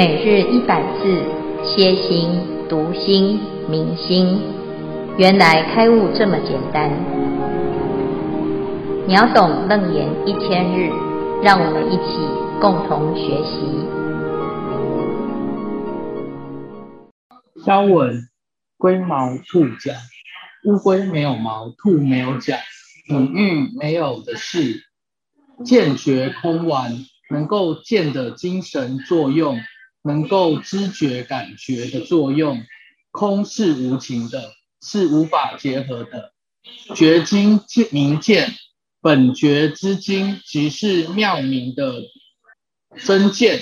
每日一百字，歇心、讀心、明心，原來開悟這麼簡單。秒懂楞嚴一千日，讓我們一起共同學習。消文，龜毛兔角，烏龜沒有毛，兔沒有角，比喻沒有的事。見覺空丸，能夠見的精神作用。能夠知覺感覺的作用，空是無情的，是無法結合的。覺精明見本覺之精，即是妙明的真見，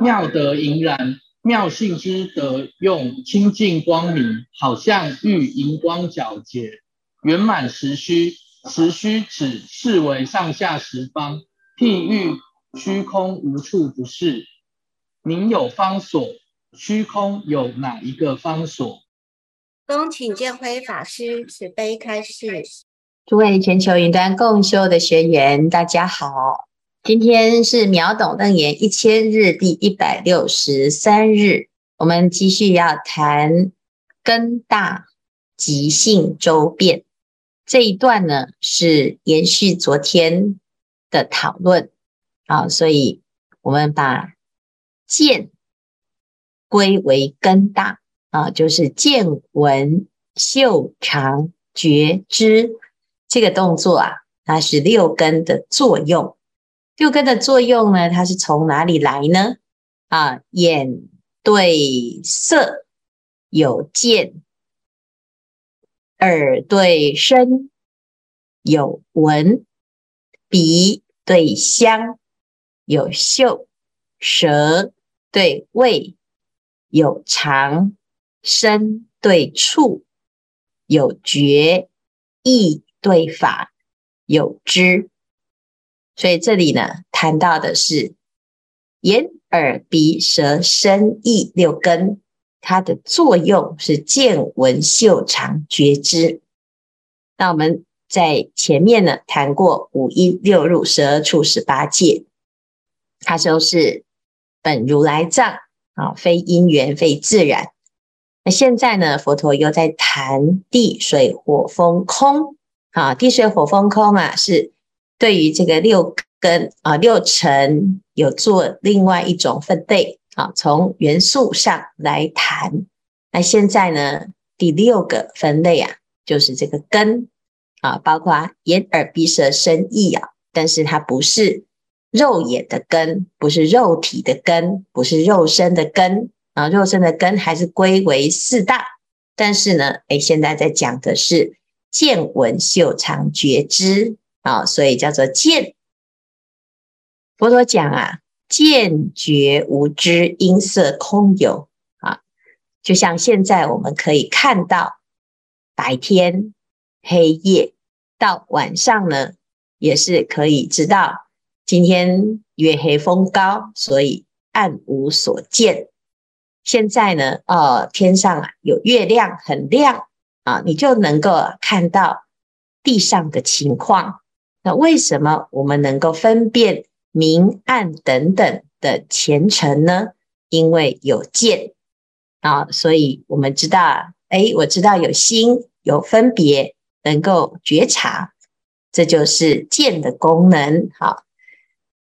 妙德瑩然，妙性之德用清淨光明，好像玉熒光皎潔。圓滿十虛，十虛指是為上下十方譬喻，欲虛空無處不是。您有方所，虛空有哪一個方所？恭請見輝法師慈悲開示。諸位全球雲端共修的學員，大家好，今天是秒懂楞嚴一千日第一百六十三日，我們繼續要談根大即性周遍這一段呢，是延續昨天的討論。好、啊，所以我們把。見歸為根大啊，就是見聞嗅嘗覺知這個動作啊，它是六根的作用。六根的作用呢，它是從哪裡來呢？啊，眼對色有見，耳對聲有聞，鼻對香有嗅，舌。對味有嘗，身對觸有覺，意對法有知。所以這裡呢，談到的是眼、耳、鼻、舌、身、意六根，它的作用是見、聞、嗅、嘗、覺、知。那我們在前面呢談過五陰六入、十二處、十八界，它都是。本如來藏啊，非因緣，非自然。那現在呢，佛陀又在談地、水、火、風、空啊。地、水、火、風、空啊，是對於這個六根啊、六塵有做另外一種分類。啊，從元素上來談。那現在呢，第六個分類啊，就是這個根啊，包括眼、耳、鼻、舌、身、意啊，但是它不是。肉眼的根不是肉體的根，不是肉身的根啊，肉身的根還是歸為四大。但是呢，哎，現在在講的是見聞嗅嘗覺知啊，所以叫做見。佛陀講啊，見覺無知，因色空有啊，就像現在我們可以看到白天、黑夜，到晚上呢，也是可以知道。今天月黑風高，所以暗無所見。現在呢，呃，天上啊有月亮，很亮啊，你就能夠看到地上的情況。那為什麼我們能夠分辨明暗等等的前塵呢？因為有見啊，所以我們知道，誒，我知道有心，有分別，能夠覺察，這就是見的功能。好、啊。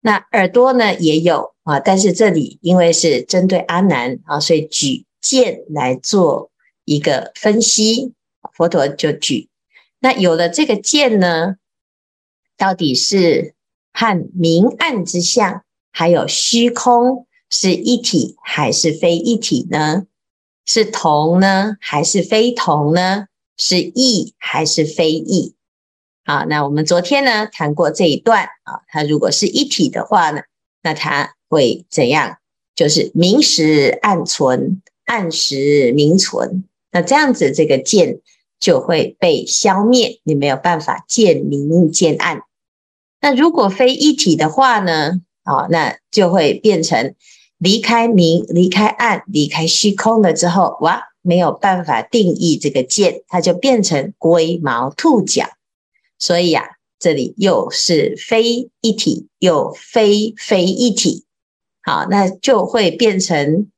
那耳朵呢，也有啊，但是這裡因為是針對阿難啊，所以舉見來做一個分析。佛陀就舉，那有了這個見呢，到底是和明暗之相，還有虛空是一體還是非一體呢？是同呢還是非同呢？是異還是非異？好，那我們昨天呢，談過這一段啊、哦，它如果是一體的話呢，那它會怎樣？就是明時暗存，暗時明存，那這樣子這個見就會被消滅，你沒有辦法見明見暗。那如果非一體的話呢，啊、哦，那就會變成離開明、離開暗、離開虛空了之後，哇，沒有辦法定義這個見，它就變成龜毛兔角。所以呀、啊，這裡又是非一體，又非非一體。好，那就會變成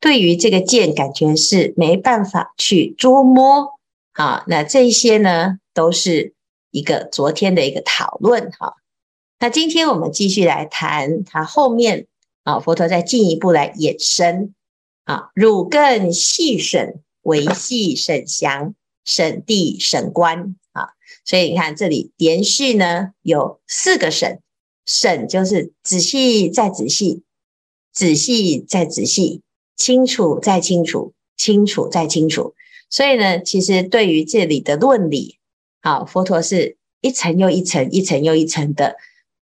對於這個見感覺是沒辦法去捉摸。好，那這些呢，都是一個昨天的一個討論哈。那今天我們繼續來談他後面啊，佛陀再進一步來衍生，啊，汝更細審，微細審詳，審諦審，審，審觀。所以你看，這裡連續呢有四個審，審就是仔細再仔細，仔細再仔細，清楚再清楚，清楚再清楚。所以呢，其實對於這裡的論理，好，啊，佛陀是一層又一層，一層又一層的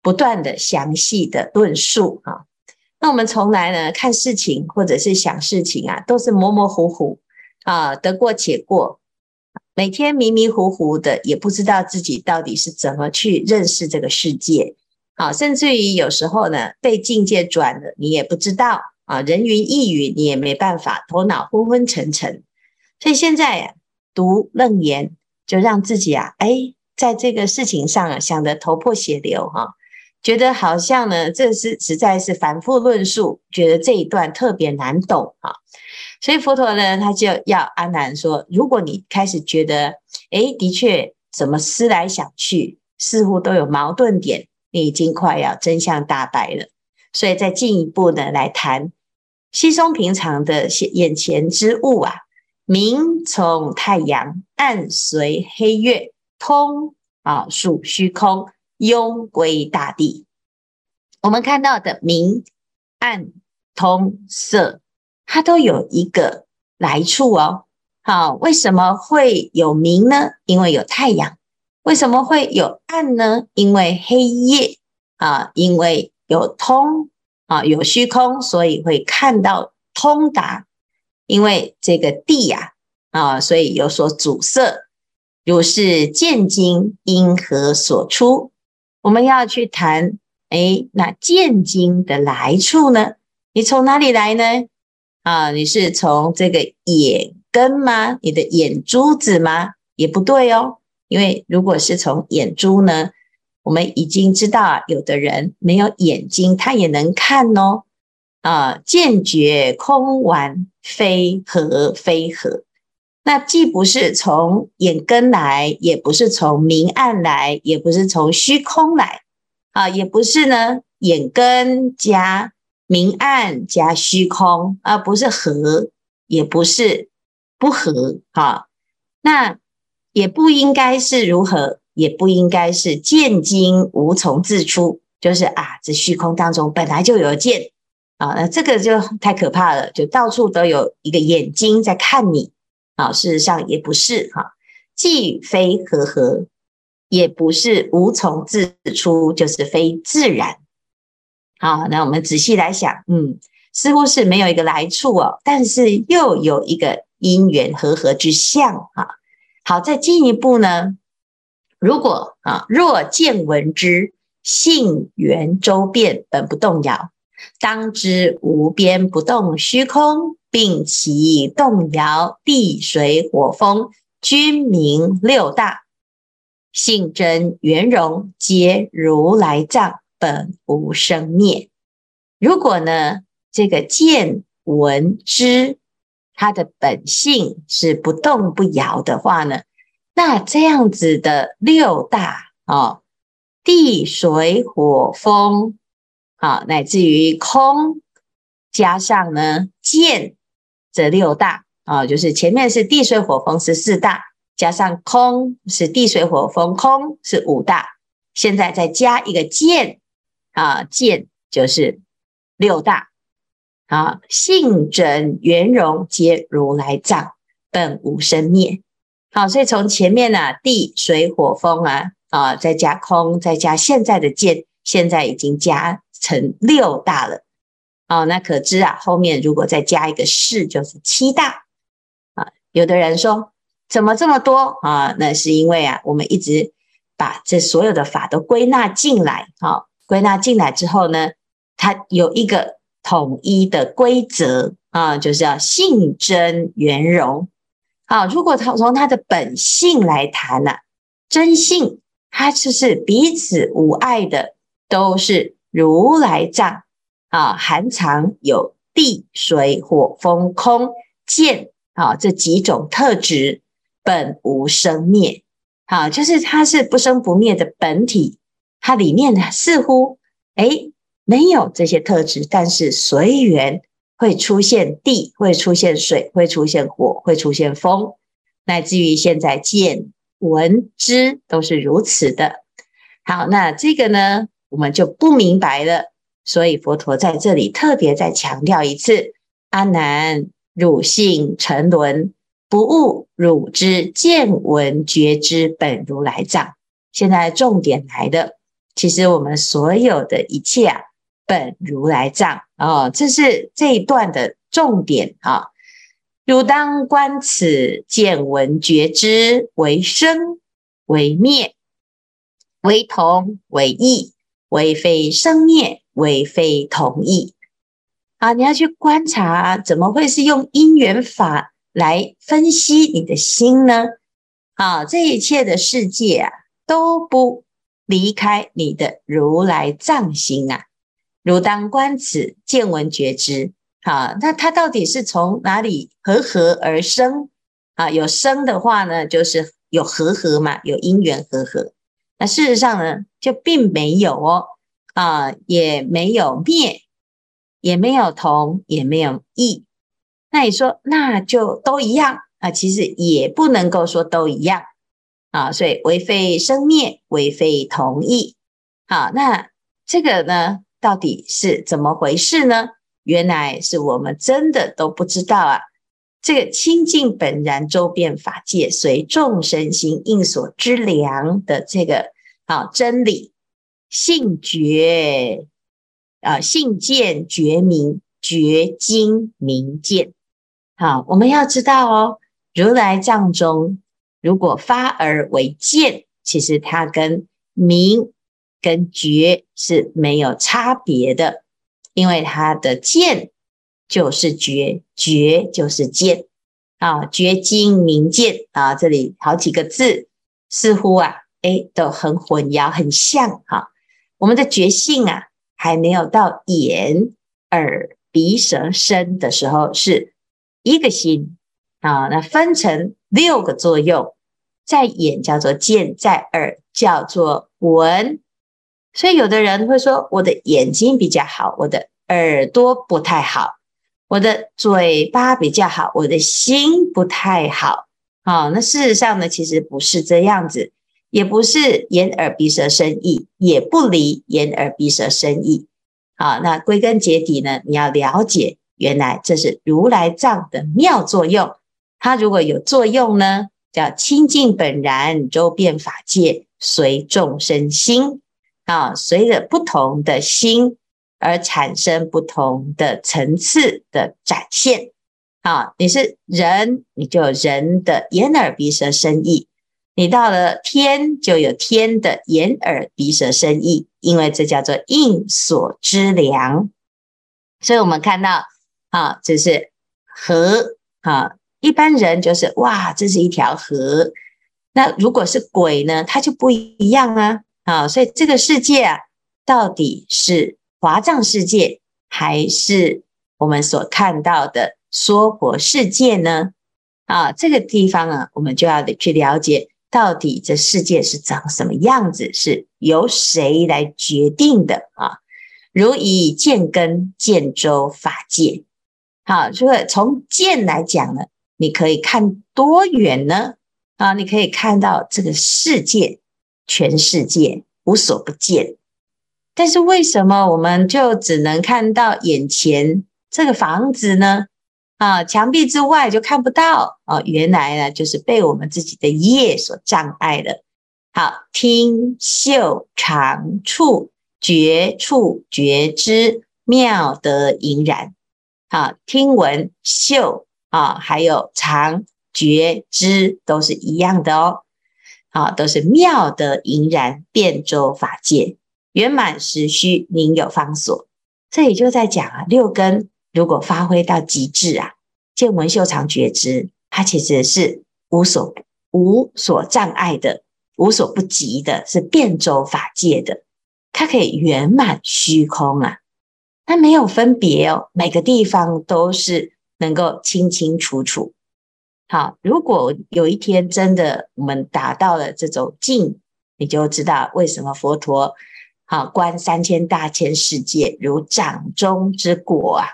不斷的詳細的論述啊。那我們從來呢看事情或者是想事情啊，都是模模糊糊啊，得過且過。每天迷迷糊糊的，也不知道自己到底是怎麼去認識這個世界。啊、甚至於有時候呢，被境界轉了，你也不知道啊。人云亦云，你也沒辦法，頭腦昏昏沉沉。所以現在、啊、讀《楞嚴》，就讓自己啊，哎，在這個事情上、啊、想得頭破血流哈、啊，覺得好像呢，這是實在是反覆論述，覺得這一段特別難懂、啊所以佛陀呢，他就要阿難說：如果你開始覺得，哎，的確怎麼思來想去，似乎都有矛盾點，你已經快要真相大白了。所以再進一步呢，來談稀鬆平常的眼前之物啊，明從太陽，暗隨黑月，通啊屬虛空，壅歸大地。我們看到的明、暗、通、色。它都有一個來處哦。好、啊，為什麼會有明呢？因為有太陽。為什麼會有暗呢？因為黑夜啊，因為有通啊，有虛空，所以會看到通達。因為這個地呀啊，啊，所以有所阻塞。如是見精因何所出？我們要去談，誒，那見精的來處呢？你從哪裡來呢？啊，你是從這個眼根嗎？你的眼珠子嗎？也不對哦，因為如果是從眼珠呢，我們已經知道，啊，有的人沒有眼睛，他也能看哦。啊，見覺空頑非和非合，那既不是從眼根來，也不是從明暗來，也不是從虛空來，啊，也不是呢，眼根加。明暗加虛空，而、啊、不是和，也不是不和，好，啊，那也不應該是如何，也不應該是見精無從自出，就是啊，這虛空當中本來就有見，啊，那這個就太可怕了，就到處都有一個眼睛在看你，啊，事實上也不是哈，啊，既非和合，也不是無從自出，就是非自然。好，那我們仔細來想，嗯，似乎是沒有一個來處哦，但是又有一個因緣和合之相啊，好，再進一步呢，如果啊，若見聞之性圓周遍本不動搖，當知無邊不動虛空，並其動搖地水火風，均名六大性真圓融，皆如來藏。本無生滅。如果呢，這個見聞知，它的本性是不動不搖的話呢，那這樣子的六大啊、哦，地水火風啊、哦，乃至於空，加上呢見這六大啊、哦，就是前面是地水火風是四大，加上空是地水火風空是五大，現在再加一個見。啊，見就是六大，啊，性真圓融皆如來藏，本無生滅。好、啊，所以從前面呢、啊，地水火風啊，啊，再加空，再加現在的見，現在已經加成六大了。啊，那可知啊，後面如果再加一個識，就是七大。啊，有的人說怎麼這麼多啊？那是因為啊，我們一直把這所有的法都歸納進來，好、啊。歸納進來之後呢，它有一個統一的規則啊，就是要性真圓融。好、啊，如果它從它的本性來談呢、啊，真性它就是彼此無礙的，都是如來藏啊，含藏有地水火風空見啊這幾種特質，本無生滅。好、啊，就是它是不生不滅的本體。它裡面呢似乎，誒沒有這些特質，但是隨緣會出現地，會出現水，會出現火，會出現風，乃至於現在見聞知都是如此的。好，那這個呢，我們就不明白了。所以佛陀在這裡特別再強調一次：阿難，汝性沉淪，不悟汝之見聞覺知本如來藏。現在重點來了。其實我們所有的一切啊，本如來藏啊、哦，這是這一段的重點啊。汝、哦、當觀此，見聞覺知為生為滅，為同為異，為非生滅，為非同異。啊，你要去觀察，怎麼會是用因緣法來分析你的心呢？啊，這一切的世界啊，都不。離開你的如來藏心啊，汝當觀此見聞覺知。啊，那它到底是從哪裡和合而生啊？有生的話呢，就是有和合嘛，有因緣和合。那事實上呢，就並沒有哦，啊，也沒有滅，也沒有同，也沒有異。那你說，那就都一樣啊？其實也不能夠說都一樣。啊，所以為非生滅，為非同異。好、啊，那這個呢，到底是怎麼回事呢？原來是我們真的都不知道啊。這個清淨本然，周遍法界，隨眾生心應所知量的這個好、啊、真理性覺啊，性見覺明覺精明見。好、啊，我們要知道哦，如來藏中。如果發而為見，其實它跟明跟覺是沒有差別的，因為它的見就是覺，覺就是見啊。覺精明見啊，這裡好幾個字，似乎啊，誒，都很混淆，很像哈、啊。我們的覺性啊，還沒有到眼、耳、鼻、舌、身的時候，是一個心啊，那分成。六個作用，在眼叫做見，在耳叫做聞，所以有的人會說我的眼睛比較好，我的耳朵不太好，我的嘴巴比較好，我的心不太好。好、哦，那事實上呢，其實不是這樣子，也不是眼耳鼻舌身意，也不離眼耳鼻舌身意。好、哦，那歸根結底呢，你要了解，原來這是如來藏的妙作用。它如果有作用呢，叫清淨本然，周遍法界，隨眾生心啊，隨着不同的心而產生不同的層次的展現。啊，你是人，你就有人的眼耳鼻舌身意；你到了天，就有天的眼耳鼻舌身意。因為這叫做應所知量，所以我們看到啊，這是和啊。一般人就是哇，這是一條河。那如果是鬼呢，它就不一樣啊。啊，所以這個世界啊，到底是華藏世界，還是我們所看到的娑婆世界呢？啊，這個地方啊，我們就要得去了解，到底這世界是長什麼樣子，是由誰來決定的啊？如以見根見周法界，好、啊，這個從見來講呢？你可以看多遠呢？啊，你可以看到這個世界，全世界，無所不見。但是為什麼我們就只能看到眼前這個房子呢？啊，牆壁之外就看不到哦、啊，原來呢，就是被我們自己的業所障礙的。好，聽嗅嘗觸、嗅、嘗、觸覺知、觸覺知妙德瑩然。好，聽聞嗅。啊，還有嘗覺知，都是一樣的哦。好、啊，都是妙德瑩然遍周法界，圓滿十虛，須寧有方所。這也就在講啊，六根如果發揮到極致啊，見聞嗅嘗覺知，它其實是無所無所障礙的，無所不及的，是遍周法界的，它可以圓滿虛空啊。它沒有分別哦，每個地方都是。能夠清清楚楚，好、啊。如果有一天真的我們達到了這種境，你就知道為什麼佛陀好、啊、觀三千大千世界如掌中之果啊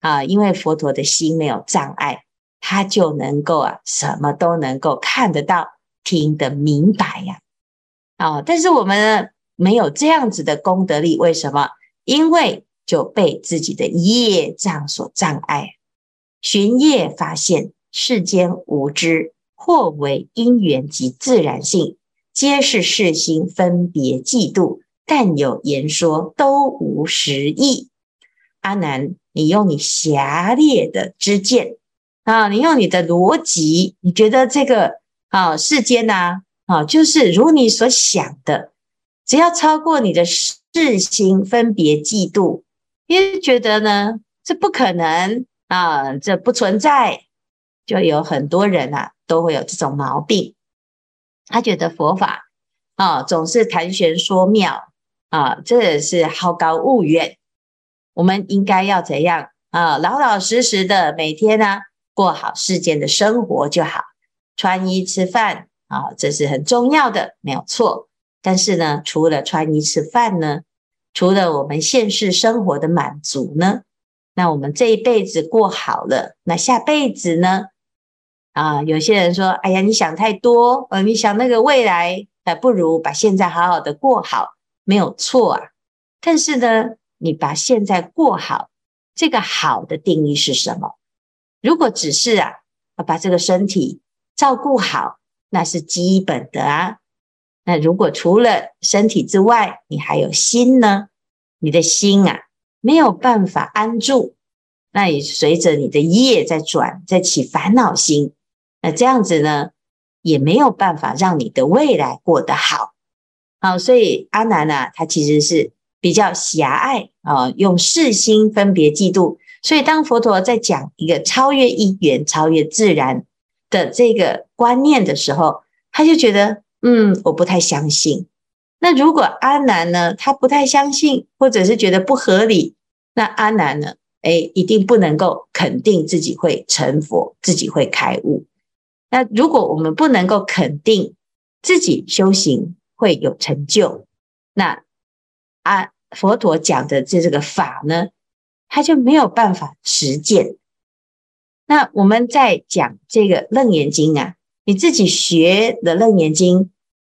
啊！因為佛陀的心沒有障礙，他就能夠啊什麼都能夠看得到、聽得明白呀啊，啊！但是我們呢沒有這樣子的功德力，為什麼？因為就被自己的業障所障礙。循業發現世間無知，惑為因緣及自然性，皆是識心分別計度。但有言說，都無實義。阿難，你用你狹劣的知見啊，你用你的邏輯，你覺得這個啊世間吶啊，啊，就是如你所想的，只要超過你的識心分別計度，因為覺得呢，這不可能。啊，這不存在，就有很多人啊，都會有這種毛病。他覺得佛法啊，總是談玄說妙啊，這也是好高騖遠。我們應該要怎樣啊？老老實實的每天呢、啊，過好世間的生活就好。穿衣吃飯啊，這是很重要的，沒有錯。但是呢，除了穿衣吃飯呢，除了我們現實生活的滿足呢？那我們這一輩子過好了，那下輩子呢？啊、呃，有些人說：“哎呀，你想太多，呃，你想那個未來，不如把現在好好的過好，沒有錯啊。但是呢，你把現在過好，這個好的定義是什麼？如果只是啊，把這個身體照顧好，那是基本的啊。那如果除了身體之外，你還有心呢，你的心啊。”沒有辦法安住，那也隨着你的業在轉，在起煩惱心，那這樣子呢，也沒有辦法讓你的未來過得好。好、哦，所以阿難啊，他其實是比較狹隘啊、哦，用識心分別計度。所以當佛陀在講一個超越因緣、超越自然的這個觀念的時候，他就覺得，嗯，我不太相信。那如果阿難呢，他不太相信，或者是覺得不合理，那阿難呢，誒，一定不能夠肯定自己會成佛，自己會開悟。那如果我們不能夠肯定自己修行會有成就，那啊佛陀講的這這個法呢，他就沒有辦法實踐。那我們在講這個《楞嚴經》啊，你自己學的《楞嚴經》。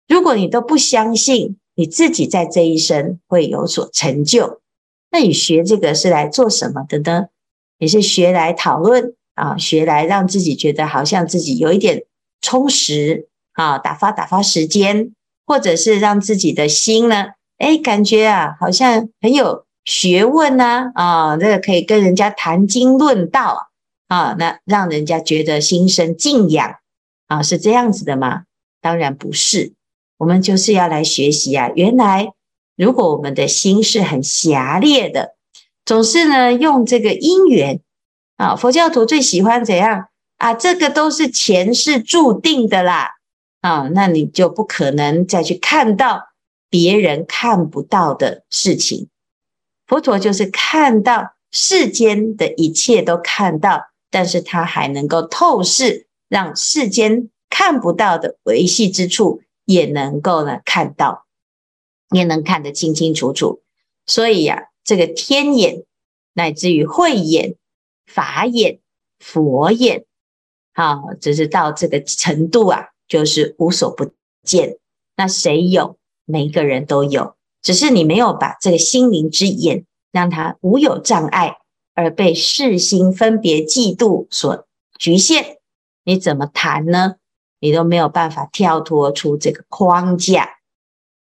如果你都不相信你自己在這一生會有所成就，那你學這個是來做什麼的呢？你是學來討論啊，學來讓自己覺得好像自己有一點充實啊，打發打發時間，或者是讓自己的心呢，哎、欸，感覺啊，好像很有學問吶、啊，啊，這個可以跟人家談經論道啊，那讓人家覺得心生敬仰啊，是這樣子的嗎？當然不是。我們就是要來學習啊！原來，如果我們的心是很狹隘的，總是呢用這個因緣啊、哦，佛教徒最喜歡怎樣啊？這個都是前世注定的啦啊、哦！那你就不可能再去看到別人看不到的事情。佛陀就是看到世間的一切都看到，但是他還能夠透視，讓世間看不到的微細之處，也能夠呢看到，也能看得清清楚楚。所以呀、啊，這個天眼，乃至於慧眼、法眼、佛眼，好、啊，只是到這個程度啊，就是無所不見。那誰有？每個人都有，只是你沒有把這個心靈之眼，讓它無有障礙，而被識心分別嫉妒所局限，你怎麼談呢？你都沒有辦法跳脫出這個框架，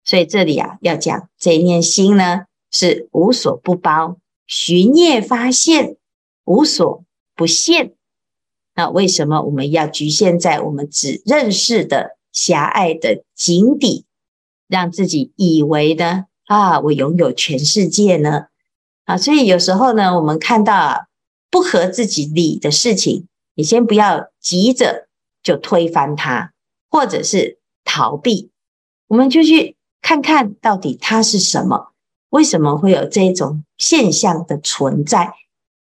所以這裡啊，要講這一念心呢，是無所不包，循業發現無所不現。那為什麼我們要局限在我們只認識的狹隘的井底，讓自己以為呢？啊，我擁有全世界呢？啊，所以有時候呢，我們看到、啊、不合自己理的事情，你先不要急着。就推翻它，或者是逃避，我們就去看看到底它是什麼，為什麼會有這種現象的存在？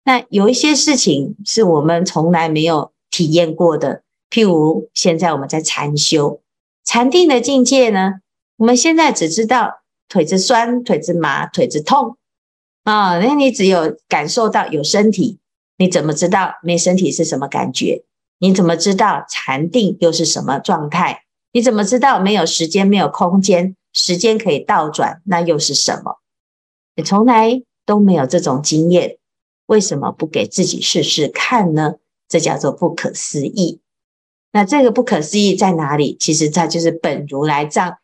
那有一些事情是我們從來沒有體驗過的，譬如現在我們在禪修，禪定的境界呢？我們現在只知道腿子痠、腿子麻、腿子痛啊，哦，那你只有感受到有身體，你怎麼知道沒身體是什麼感覺？你怎麼知道禪定又是什麼狀態？你怎麼知道沒有時間、沒有空間？時間可以倒轉，那又是什麼？你從來都沒有這種經驗，為什麼不給自己試試看呢？這叫做不可思議。那這個不可思議在哪裡？其實它就是本如來藏，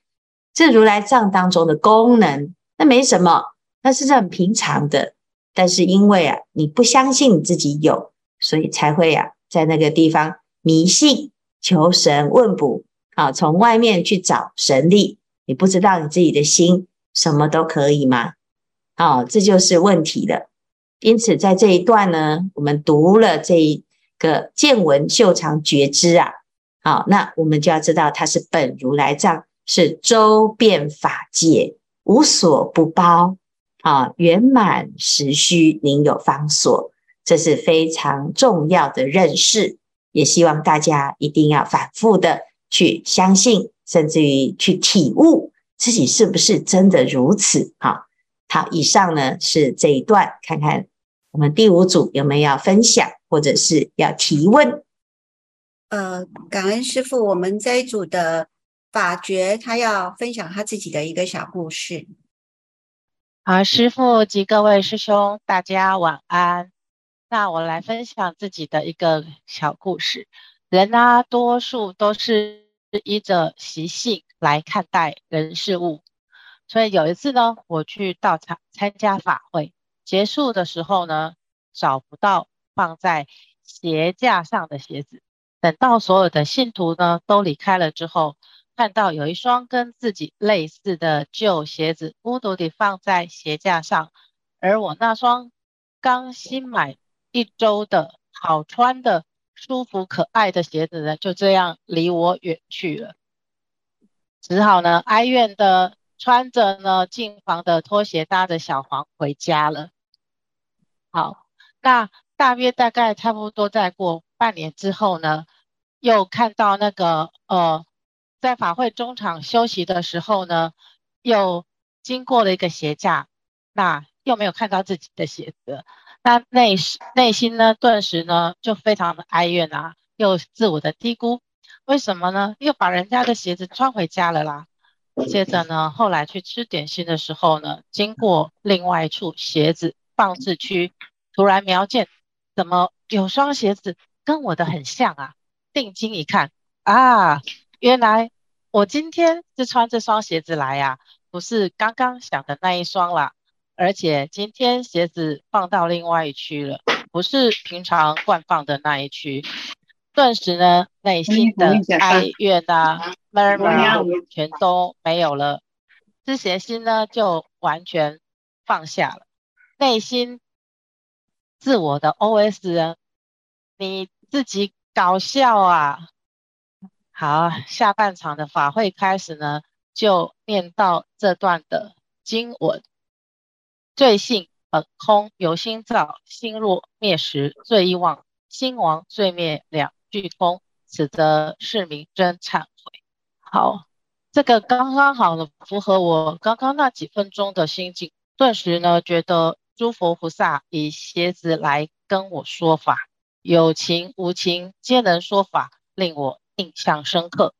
這如來藏當中的功能，那沒什麼，那是這很平常的。但是因為啊，你不相信你自己有，所以才會啊。在那個地方迷信求神問卜啊，從外面去找神力，你不知道你自己的心什麼都可以嗎？哦、啊，這就是問題了。因此，在這一段呢，我們讀了這一個見聞嗅嘗覺知啊，好、啊，那我們就要知道它是本如來藏，是周遍法界，無所不包啊，圓滿十虛，寧有方所？這是非常重要的認識，也希望大家一定要反覆的去相信，甚至於去體悟自己是不是真的如此。好，好，以上呢是這一段，看看我們第五組有沒有要分享或者是要提問？呃，感恩師父，我們這一組的法覺他要分享他自己的一個小故事。好，師父及各位師兄，大家晚安。那我來分享自己的一個小故事。人呢，啊，多數都是依着習性來看待人事物，所以有一次呢，我去到場參加法會，結束的時候呢，找不到放在鞋架上的鞋子。等到所有的信徒呢都離開了之後，看到有一雙跟自己類似的舊鞋子，孤獨地放在鞋架上，而我那雙剛新買。一周的好穿的、舒服可愛的鞋子呢，就這樣離我遠去了，只好呢哀怨的穿着呢金黃的拖鞋，搭着小黃回家了。好，那大約大概差不多再過半年之後呢，又看到那個呃，在法會中場休息的時候呢，又經過了一個鞋架，那又沒有看到自己的鞋子。但內內心呢，頓時呢就非常的哀怨啊，又自我的低估，為什麼呢？又把人家的鞋子穿回家了啦。接着呢，後來去吃點心的時候呢，經過另外一處鞋子放置區，突然瞄見，怎麼有雙鞋子跟我的很像啊？定睛一看，啊，原來我今天是穿這雙鞋子來呀、啊，不是剛剛想的那一雙啦。而且今天鞋子放到另外一區了，不是平常慣放的那一區，頓時呢，內心的哀怨啊、悶、嗯、啊、嗯嗯嗯、全都沒有了，之前心呢就完全放下了，內心自我的 OS 啊，你自己搞笑啊！好，下半場的法會開始呢，就念到這段的經文。罪性本空由心造，心若滅時罪亦亡；心亡罪滅兩俱空，此則是名真懺悔。好，這個剛剛好了，符合我剛剛那幾分鐘的心境。頓時呢，覺得諸佛菩薩以鞋子來跟我說法，有情無情皆能說法，令我印象深刻。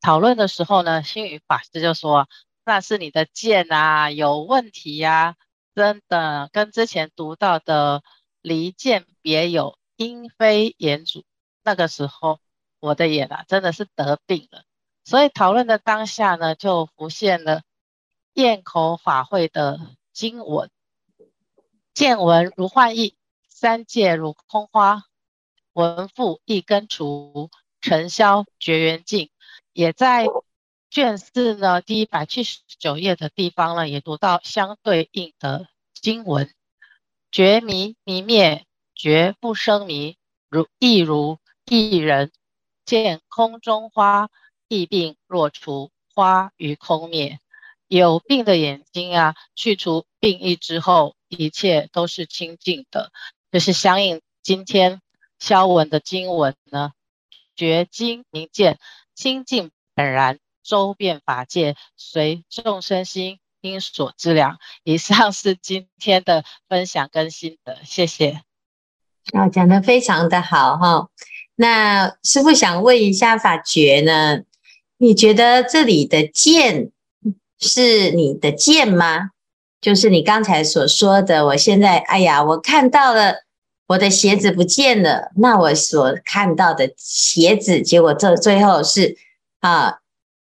討論的時候呢，心宇法師就說：“那是你的劍啊，有問題呀、啊。”真的跟之前讀到的離間別有，音非燕主。那個時候我的眼啊，真的是得病了。所以討論的當下呢，就浮現了《焰口法會》的經文：見聞如幻翳，三界如空花，聞復翳根除，塵銷覺圓淨。也在。卷四呢，第一百七十九頁的地方呢，也讀到相對應的經文：覺迷迷滅，覺不生迷。如亦如翳人見空中花，翳病若除花於空滅。有病的眼睛啊，去除病翳之後，一切都是清淨的。這是相應今天消文的經文呢。覺精明見，清淨本然。周遍法界，隨眾生心應，所知量。以上是今天的分享跟心得，謝謝。啊，講得非常的好哈、哦。那師父想問一下法覺呢，你覺得這裡的見是你的見嗎？就是你剛才所說的，我現在哎呀，我看到了我的鞋子不見了，那我所看到的鞋子，結果這最後是啊。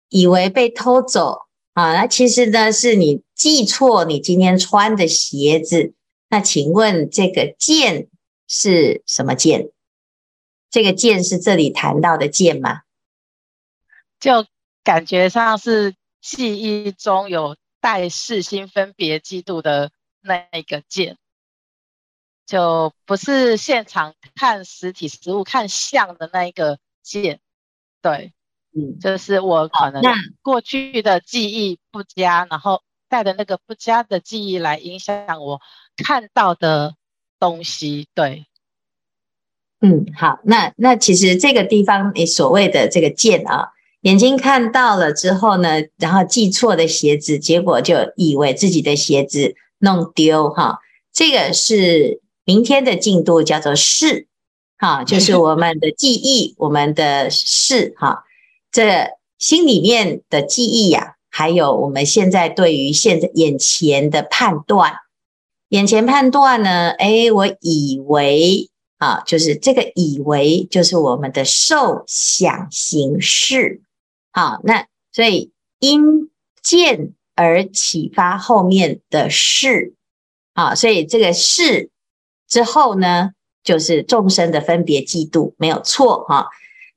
以為被偷走啊？那其實呢，是你記錯你今天穿的鞋子。那請問這個見是什麼見？這個見是這裡談到的見嗎？就感覺上是記憶中有帶識心分別計度的那一個見，就不是現場看實體實物看像的那一個見。對。嗯、就是我可能過去的記憶不佳，然後帶着那個不佳的記憶來影響我看到的東西。對，嗯，好，那那其實這個地方，你所謂的這個見啊，眼睛看到了之後呢，然後記錯的鞋子，結果就以為自己的鞋子弄丟哈。這個是明天的進度，叫做識，哈，就是我們的記憶，嗯、我們的識，哈。這心裡面的記憶呀，啊，還有我們現在對於現在眼前的判斷，眼前判斷呢，哎，我以為啊，就是這個以為，就是我們的受想行識。啊。那所以因見而啟發後面的事。啊。所以這個事之後呢，就是眾生的分別計度，沒有錯哈。啊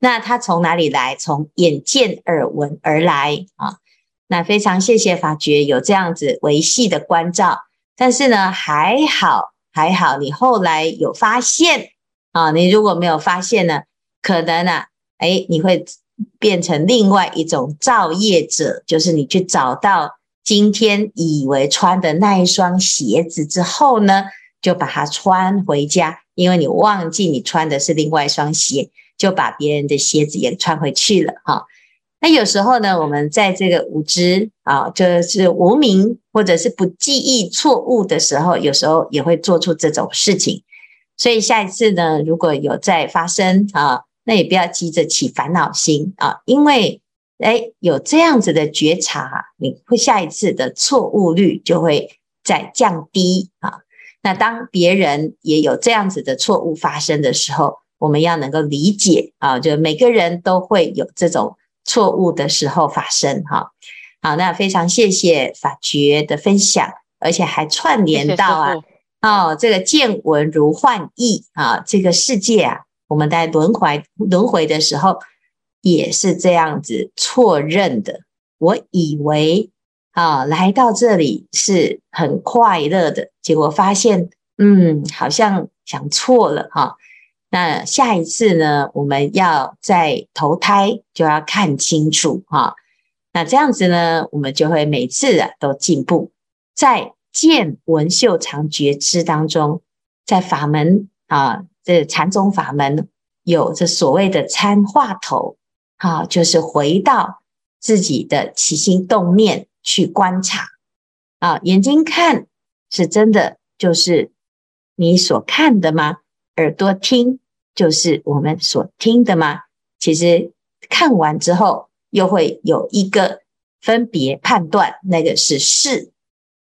那他從哪裡來？從眼見耳聞而來啊。那非常謝謝法覺有這樣子維繫的關照。但是呢，還好還好，你後來有發現啊。你如果沒有發現呢，可能呢，誒，你會變成另外一種造業者，就是你去找到今天以為穿的那一雙鞋子之後呢，就把它穿回家，因為你忘記你穿的是另外一雙鞋。就把別人的鞋子也穿回去了哈。那有時候呢，我們在這個無知啊，就是無明或者是不記憶錯誤的時候，有時候也會做出這種事情。所以下一次呢，如果有再發生啊，那也不要急着起煩惱心啊，因為哎有這樣子的覺察，你會下一次的錯誤率就會再降低啊。那當別人也有這樣子的錯誤發生的時候。我們要能夠理解啊，就每個人都會有這種錯誤的時候發生哈、啊。好，那非常謝謝法覺的分享，而且還串聯到啊，謝謝哦，這個見聞如幻翳啊，這個世界啊，我們在輪回輪回的時候也是這樣子錯認的。我以為啊，來到這裡是很快樂的，結果發現，嗯，好像想錯了哈。啊那下一次呢？我們要再投胎就要看清楚哈、哦。那這樣子呢，我們就會每次、啊、都進步。在見聞嗅嘗覺知當中，在法門啊，這禪、個、宗法門有這所謂的參話頭，啊，就是回到自己的起心動念去觀察啊。眼睛看是真的，就是你所看的嗎？耳朵聽就是我們所聽的嗎？其實看完之後又會有一個分別判斷，那個是是，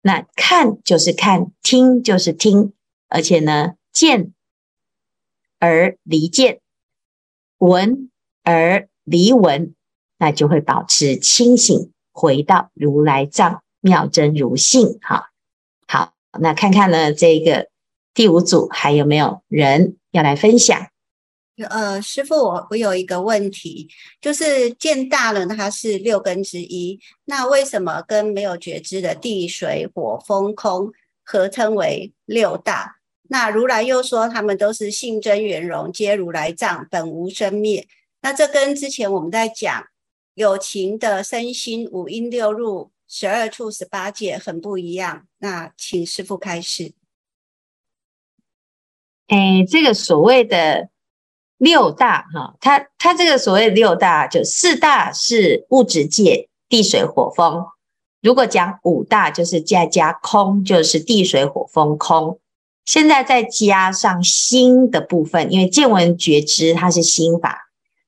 那看就是看，聽就是聽，而且呢，見而離見，聞而離聞，那就會保持清醒，回到如來藏妙真如性。哈，好，那看看呢這個。第五組還有沒有人要來分享？呃，師父，我我有一個問題，就是見大呢，他是六根之一，那為什麼跟沒有覺知的地水火風空合稱為六大？那如來又說他們都是性真圓融，皆如來藏，本無生滅。那這跟之前我們在講有情的身心五陰六入十二處十八界很不一樣。那請師父開始。誒，這個所謂的六大哈，它它這個所謂六大，就四大是物質界，地水火風。如果講五大，就是加加空，就是地水火風空。現在再加上心的部分，因為見聞覺知它是心法，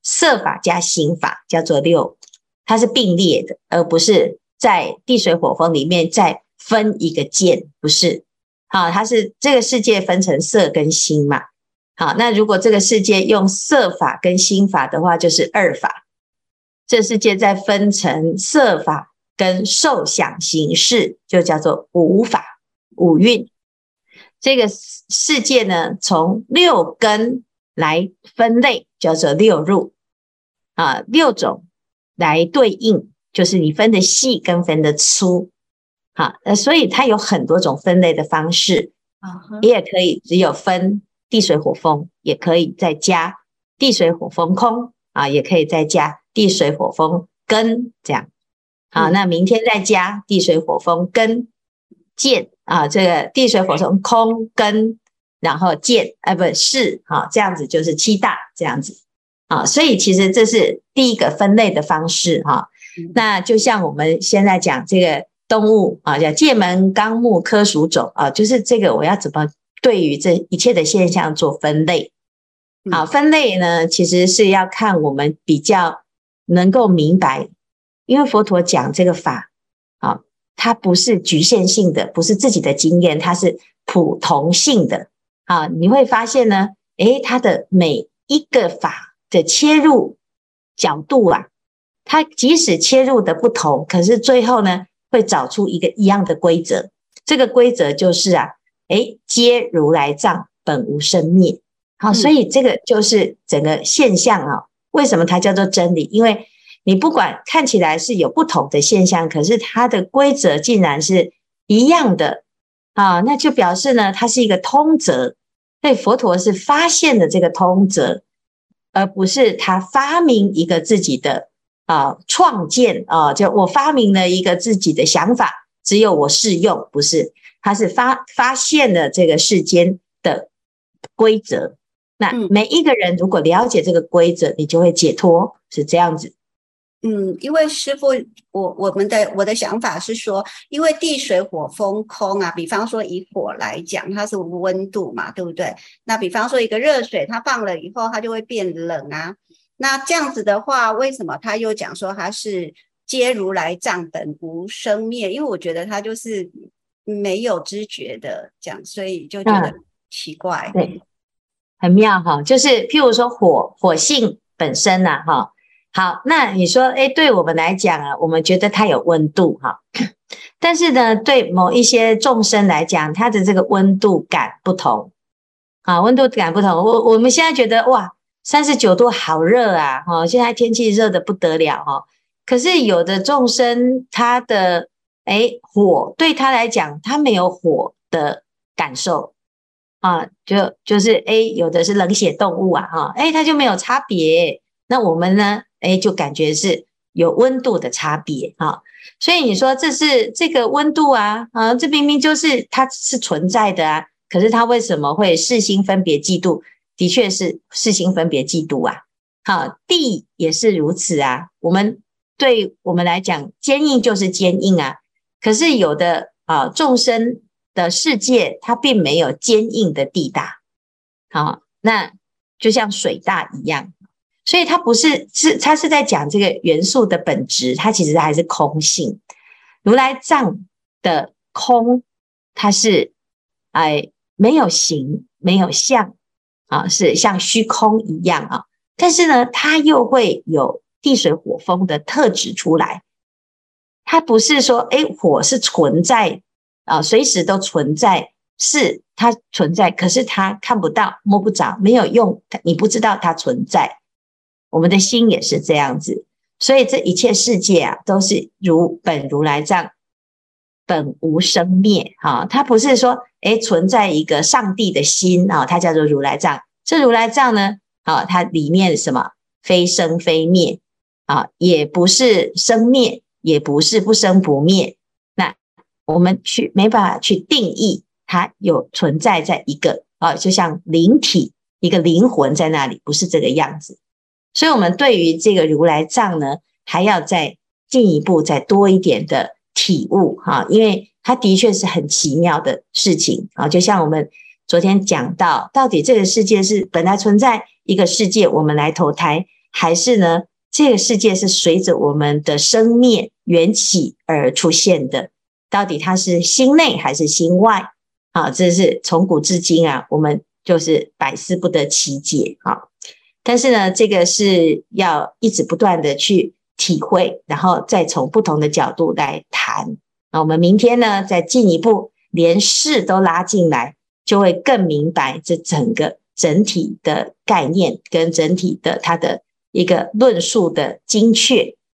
色法加心法叫做六，它是並列的，而不是在地水火風裡面再分一個見，不是。好，它是這個世界分成色跟心嘛。好，那如果這個世界用色法跟心法的話，就是二法。這世界再分成色法跟受想行識，就叫做五法五蘊。這個世界呢，從六根來分類，叫做六入啊，六種來對應，就是你分的細跟分的粗。好，呃，所以它有很多種分類的方式啊，你、uh -huh. 也可以只有分地水火風，也可以再加地水火風空啊，也可以再加地水火風根這樣。好，那明天再加地水火風根見啊，這個地水火風空根，然後見啊不是好、啊，這樣子就是七大這樣子啊，所以其實這是第一個分類的方式哈、啊。那就像我們現在講這個。動物啊，叫《界門綱目科屬種》啊，就是這個我要怎麼對於這一切的現象做分類？嗯。啊，分類呢，其實是要看我們比較能夠明白，因為佛陀講這個法啊，它不是局限性的，不是自己的經驗，它是普同性的啊。你會發現呢，誒，它的每一個法的切入角度啊，它即使切入的不同，可是最後呢，會找出一個一樣的規則，這個規則就是啊，哎，皆如來藏本無生滅。好、嗯，所以這個就是整個現象啊。為什麼它叫做真理？因為你不管看起來是有不同的現象，可是它的規則竟然是一樣的啊，那就表示呢，它是一個通則。所以佛陀是發現的這個通則，而不是他發明一個自己的。啊、呃，創建啊、呃，就我發明了一個自己的想法，只有我適用，不是？他是發發現了這個世間的規則，那每一個人如果了解這個規則，你就會解脫，是這樣子。嗯，因為師父，我我們的我的想法是說，因為地水火風空啊，比方說以火來講，它是無溫度嘛，對不對？那比方說一個熱水，它放了以後，它就會變冷啊。那這樣子的話，為什麼他又講說他是皆如來藏本無生滅？因為我覺得他就是沒有知覺的講，所以就覺得奇怪、嗯。對，很妙哈，就是譬如說火，火性本身吶，哈，好，那你說，哎、欸，對我們來講啊，我們覺得它有溫度哈，但是呢，對某一些眾生來講，它的這個溫度感不同啊，溫度感不同。我我們現在覺得哇。三十九度，好熱啊！哈，現在天氣熱得不得了、啊、可是有的眾生，他的誒、欸、火對他來講，他沒有火的感受啊，就就是哎、欸，有的是冷血動物啊，哈、欸，他就沒有差別。那我們呢，哎、欸，就感覺是有溫度的差別啊。所以你說這是這個溫度啊，啊，這明明就是它是存在的啊，可是它為什麼會視心分別嫉妒？的確是，識心分別計度啊，好，地也是如此啊。我們對我們來講，堅硬就是堅硬啊。可是有的啊，眾、呃、生的世界，它並沒有堅硬的地大，好、哦，那就像水大一樣。所以它不是是，它是在講這個元素的本質，它其實還是空性。如來藏的空，它是哎，沒有形，沒有相。啊，是像虛空一樣啊，但是呢，它又會有地水火風的特質出來。它不是說，誒，火是存在啊，隨時都存在，是它存在，可是它看不到、摸不着、沒有用，你不知道它存在。我們的心也是這樣子，所以這一切世界啊，都是如本如來藏。本無生滅啊，它不是說哎，存在一個上帝的心啊，它叫做如來藏。這如來藏呢，啊，它裡面是什麼？非生非滅啊，也不是生滅，也不是不生不滅。那我們去沒辦法去定義它有存在在一個啊，就像靈體一個靈魂在那裡，不是這個樣子。所以，我們對於這個如來藏呢，還要再進一步，再多一點的。體悟哈，因為它的確是很奇妙的事情啊。就像我們昨天講到，到底這個世界是本來存在一個世界，我們來投胎，還是呢，這個世界是隨着我們的生滅緣起而出現的？到底它是心內還是心外？啊，這是從古至今啊，我們就是百思不得其解啊。但是呢，這個是要一直不斷的去。體會，然後再從不同的角度來談。那我們明天呢，再進一步，連事都拉進來，就會更明白這整個整體的概念跟整體的它的一個論述的精確。